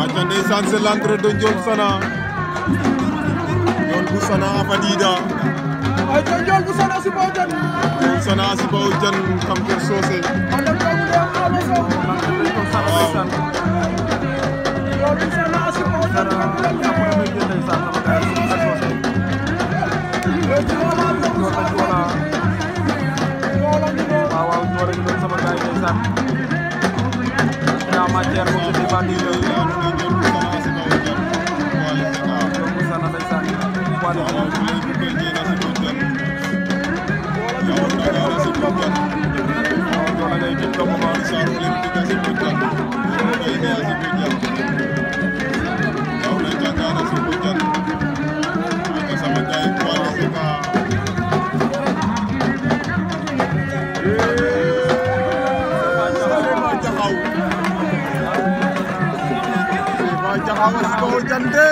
aca ndeysaan c'est l'entrée de Ndiol Sana Ndiol bu Sana a fadiida aca bu Sana si baw jan Ndiol Sana si baw jan kam ker soose Thank you. la matière pour se débattre. Euh, taxawal kontante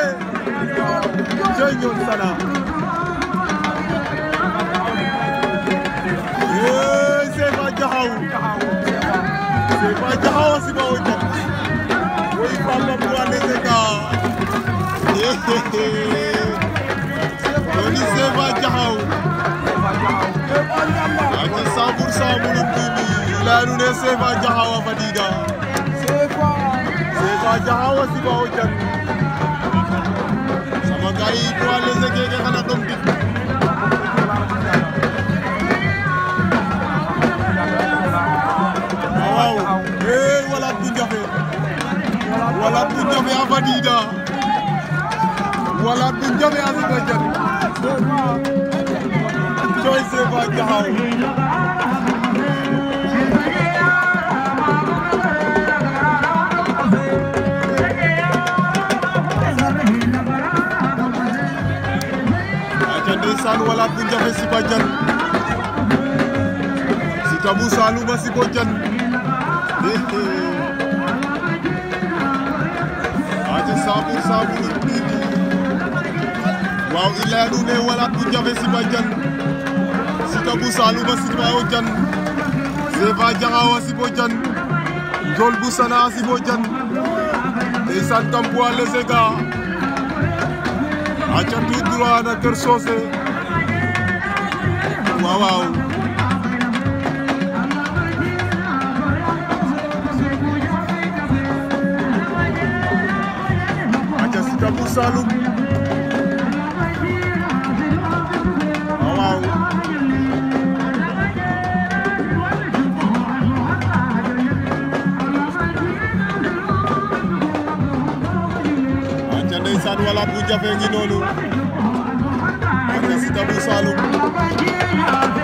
jëy ñoom Sana yéey Seyfa Jaxaw Seyfa Jaxaw si ba woy jat Jaxaw ak Sambur Sambur Ndini laa nu ne Jaxaw a fadiida Moussa Diakhaw a siba jang sama gaay yi poids léger keke xana dom dik waaw ee wala bu jafe wala bu jafe a fadida wala bu jafe a siba jang coy Seba Diakhaw ndeysaan walaat bu njafe si ba jan si tabu saaluma si bo jan aje saabur saabur ɗiɗi waaw i laya ɗune walaat bu njafe si ba jan si tabu saaluma si bao jan sefa jaxawa si bo jan njool bu sana si bo jan ndeysaan kam bowa lesega aca tout droit na Kër Socé waaw waaw aca Siteu bu Saloum waaw waaw aca wala bu jafe ngi Agnes a Saloum